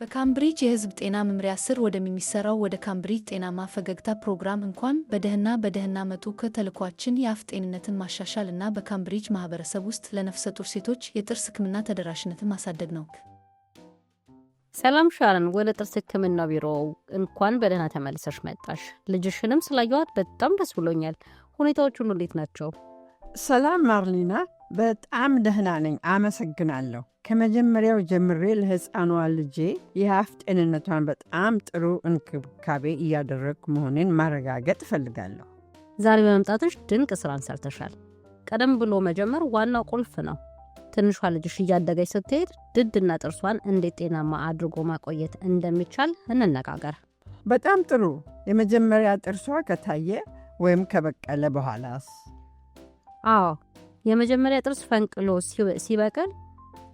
በካምብሪጅ የህዝብ ጤና መምሪያ ስር ወደሚሰራው ወደ ካምብሪጅ ጤናማ ፈገግታ ፕሮግራም እንኳን በደህና በደህና መጡ። ከተልኳችን የአፍ ጤንነትን ማሻሻል እና በካምብሪጅ ማህበረሰብ ውስጥ ለነፍሰ ጡር ሴቶች የጥርስ ህክምና ተደራሽነትን ማሳደግ ነው። ሰላም ሻርን፣ ወደ ጥርስ ህክምና ቢሮ እንኳን በደህና ተመልሰሽ መጣሽ። ልጅሽንም ስላየዋት በጣም ደስ ብሎኛል። ሁኔታዎች ሁሉ እንዴት ናቸው? ሰላም ማርሊና፣ በጣም ደህና ነኝ፣ አመሰግናለሁ። ከመጀመሪያው ጀምሬ ለሕፃኗ ልጄ የአፍ ጤንነቷን በጣም ጥሩ እንክብካቤ እያደረግኩ መሆኔን ማረጋገጥ እፈልጋለሁ። ዛሬ በመምጣትሽ ድንቅ ስራን ሰርተሻል። ቀደም ብሎ መጀመር ዋናው ቁልፍ ነው። ትንሿ ልጅሽ እያደገች ስትሄድ ድድና ጥርሷን እንዴት ጤናማ አድርጎ ማቆየት እንደሚቻል እንነጋገር። በጣም ጥሩ። የመጀመሪያ ጥርሷ ከታየ ወይም ከበቀለ በኋላስ? አዎ የመጀመሪያ ጥርስ ፈንቅሎ ሲበቅል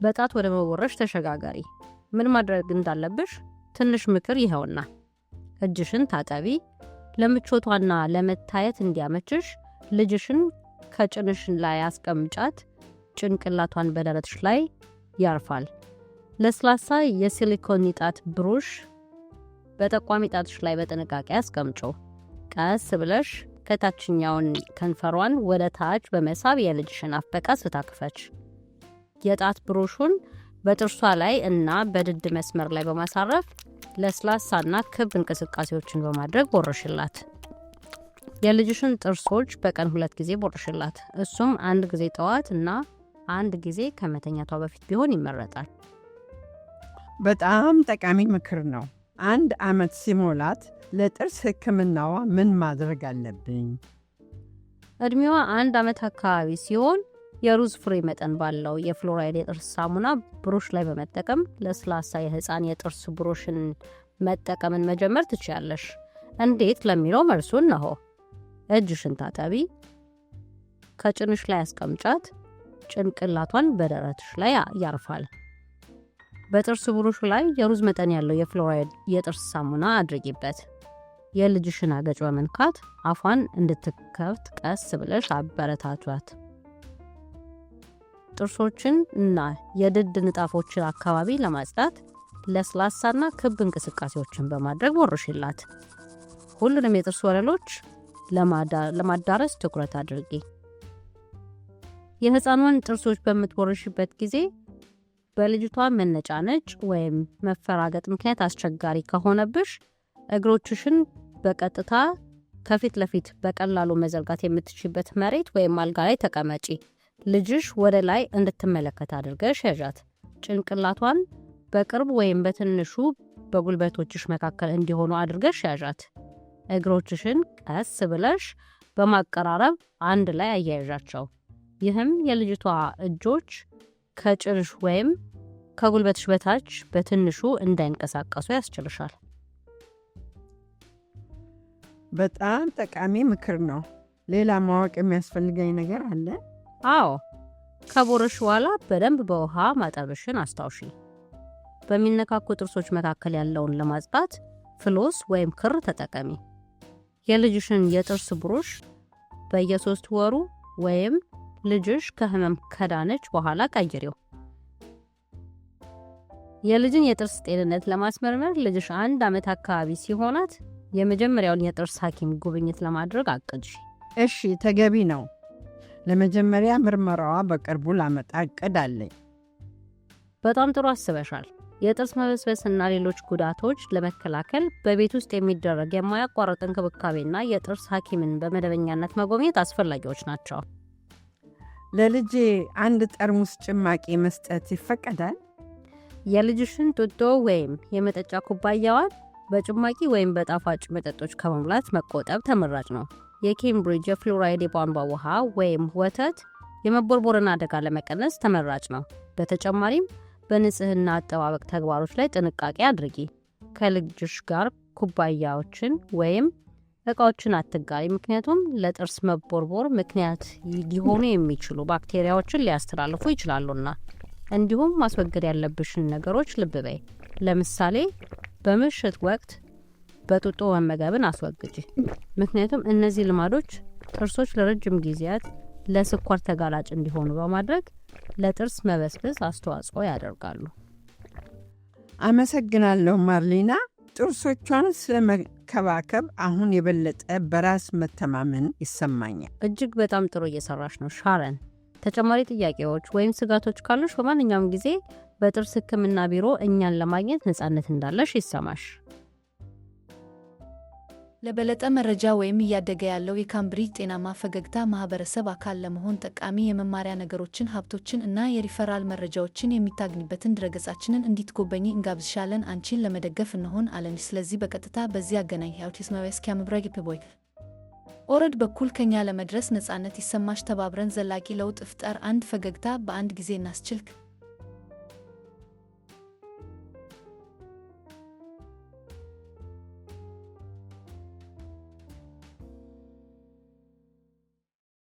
በጣት ወደ መቦረሽ ተሸጋገሪ። ምን ማድረግ እንዳለብሽ ትንሽ ምክር ይኸውና። እጅሽን ታጠቢ። ለምቾቷና ለመታየት እንዲያመችሽ ልጅሽን ከጭንሽ ላይ አስቀምጫት። ጭንቅላቷን በደረትሽ ላይ ያርፋል። ለስላሳ የሲሊኮን ጣት ብሩሽ በጠቋሚ ጣትሽ ላይ በጥንቃቄ አስቀምጮ ቀስ ብለሽ ከታችኛውን ከንፈሯን ወደ ታች በመሳብ የልጅሽን አፍ ስታክፈች የጣት ብሩሹን በጥርሷ ላይ እና በድድ መስመር ላይ በማሳረፍ ለስላሳና ክብ እንቅስቃሴዎችን በማድረግ ቦርሽላት። የልጅሽን ጥርሶች በቀን ሁለት ጊዜ ቦርሽላት። እሱም አንድ ጊዜ ጠዋት እና አንድ ጊዜ ከመተኛቷ በፊት ቢሆን ይመረጣል። በጣም ጠቃሚ ምክር ነው። አንድ ዓመት ሲሞላት ለጥርስ ሕክምናዋ ምን ማድረግ አለብኝ? እድሜዋ አንድ ዓመት አካባቢ ሲሆን የሩዝ ፍሬ መጠን ባለው የፍሎራይድ የጥርስ ሳሙና ብሩሽ ላይ በመጠቀም ለስላሳ የህፃን የጥርስ ብሩሽን መጠቀምን መጀመር ትችያለሽ። እንዴት ለሚለው መልሱ እነሆ። እጅሽን ታጠቢ፣ ከጭንሽ ላይ አስቀምጫት። ጭንቅላቷን በደረትሽ ላይ ያርፋል። በጥርስ ብሩሽ ላይ የሩዝ መጠን ያለው የፍሎራይድ የጥርስ ሳሙና አድርጊበት። የልጅሽን አገጭ በመንካት አፏን እንድትከፍት ቀስ ብለሽ አበረታቷት። ጥርሶችን እና የድድ ንጣፎችን አካባቢ ለማጽዳት ለስላሳና ክብ እንቅስቃሴዎችን በማድረግ ወርሽላት ሁሉንም የጥርስ ወለሎች ለማዳረስ ትኩረት አድርጊ። የህፃኗን ጥርሶች በምትወርሽበት ጊዜ በልጅቷ መነጫነጭ ወይም መፈራገጥ ምክንያት አስቸጋሪ ከሆነብሽ እግሮችሽን በቀጥታ ከፊት ለፊት በቀላሉ መዘርጋት የምትችበት መሬት ወይም አልጋ ላይ ተቀመጪ። ልጅሽ ወደ ላይ እንድትመለከት አድርገሽ ያዣት። ጭንቅላቷን በቅርብ ወይም በትንሹ በጉልበቶችሽ መካከል እንዲሆኑ አድርገሽ ያዣት። እግሮችሽን ቀስ ብለሽ በማቀራረብ አንድ ላይ አያያዣቸው። ይህም የልጅቷ እጆች ከጭንሽ ወይም ከጉልበትሽ በታች በትንሹ እንዳይንቀሳቀሱ ያስችልሻል። በጣም ጠቃሚ ምክር ነው። ሌላ ማወቅ የሚያስፈልገኝ ነገር አለ። አዎ ከቦረሽ በኋላ በደንብ በውሃ ማጠብሽን አስታውሺ። በሚነካኩ ጥርሶች መካከል ያለውን ለማጽዳት ፍሎስ ወይም ክር ተጠቀሚ። የልጅሽን የጥርስ ብሩሽ በየሶስት ወሩ ወይም ልጅሽ ከህመም ከዳነች በኋላ ቀይሬው። የልጅን የጥርስ ጤንነት ለማስመርመር ልጅሽ አንድ ዓመት አካባቢ ሲሆናት የመጀመሪያውን የጥርስ ሐኪም ጉብኝት ለማድረግ አቅጂ። እሺ፣ ተገቢ ነው። ለመጀመሪያ ምርመራዋ በቅርቡ ላመጣ እቅድ አለኝ። በጣም ጥሩ አስበሻል። የጥርስ መበስበስና ሌሎች ጉዳቶች ለመከላከል በቤት ውስጥ የሚደረግ የማያቋርጥ እንክብካቤና የጥርስ ሐኪምን በመደበኛነት መጎብኘት አስፈላጊዎች ናቸው። ለልጄ አንድ ጠርሙስ ጭማቂ መስጠት ይፈቀዳል? የልጅሽን ጡጦ ወይም የመጠጫ ኩባያዋን በጭማቂ ወይም በጣፋጭ መጠጦች ከመሙላት መቆጠብ ተመራጭ ነው። የኬምብሪጅ የፍሎራይድ የቧንቧ ውሃ ወይም ወተት የመቦርቦርን አደጋ ለመቀነስ ተመራጭ ነው። በተጨማሪም በንጽህና አጠባበቅ ተግባሮች ላይ ጥንቃቄ አድርጊ። ከልጆች ጋር ኩባያዎችን ወይም እቃዎችን አትጋሪ፣ ምክንያቱም ለጥርስ መቦርቦር ምክንያት ሊሆኑ የሚችሉ ባክቴሪያዎችን ሊያስተላልፉ ይችላሉና። እንዲሁም ማስወገድ ያለብሽን ነገሮች ልብ በይ። ለምሳሌ በምሽት ወቅት በጡጦ መመገብን አስወግጅ። ምክንያቱም እነዚህ ልማዶች ጥርሶች ለረጅም ጊዜያት ለስኳር ተጋላጭ እንዲሆኑ በማድረግ ለጥርስ መበስበስ አስተዋጽኦ ያደርጋሉ። አመሰግናለሁ ማርሊና። ጥርሶቿን ስለመከባከብ አሁን የበለጠ በራስ መተማመን ይሰማኛል። እጅግ በጣም ጥሩ እየሰራሽ ነው ሻረን። ተጨማሪ ጥያቄዎች ወይም ስጋቶች ካሉሽ በማንኛውም ጊዜ በጥርስ ሕክምና ቢሮ እኛን ለማግኘት ነጻነት እንዳለሽ ይሰማሽ። ለበለጠ መረጃ ወይም እያደገ ያለው የካምብሪጅ ጤናማ ፈገግታ ማህበረሰብ አካል ለመሆን ጠቃሚ የመማሪያ ነገሮችን፣ ሀብቶችን እና የሪፈራል መረጃዎችን የሚታግኝበትን ድረገጻችንን እንዲትጎበኝ እንጋብዝሻለን። አንቺን ለመደገፍ እንሆን አለን። ስለዚህ በቀጥታ በዚህ አገናኝ አውቲስማዊያስ ፕቦይ ኦረድ በኩል ከኛ ለመድረስ ነፃነት ይሰማሽ። ተባብረን ዘላቂ ለውጥ እፍጠር። አንድ ፈገግታ በአንድ ጊዜ እናስችልክ።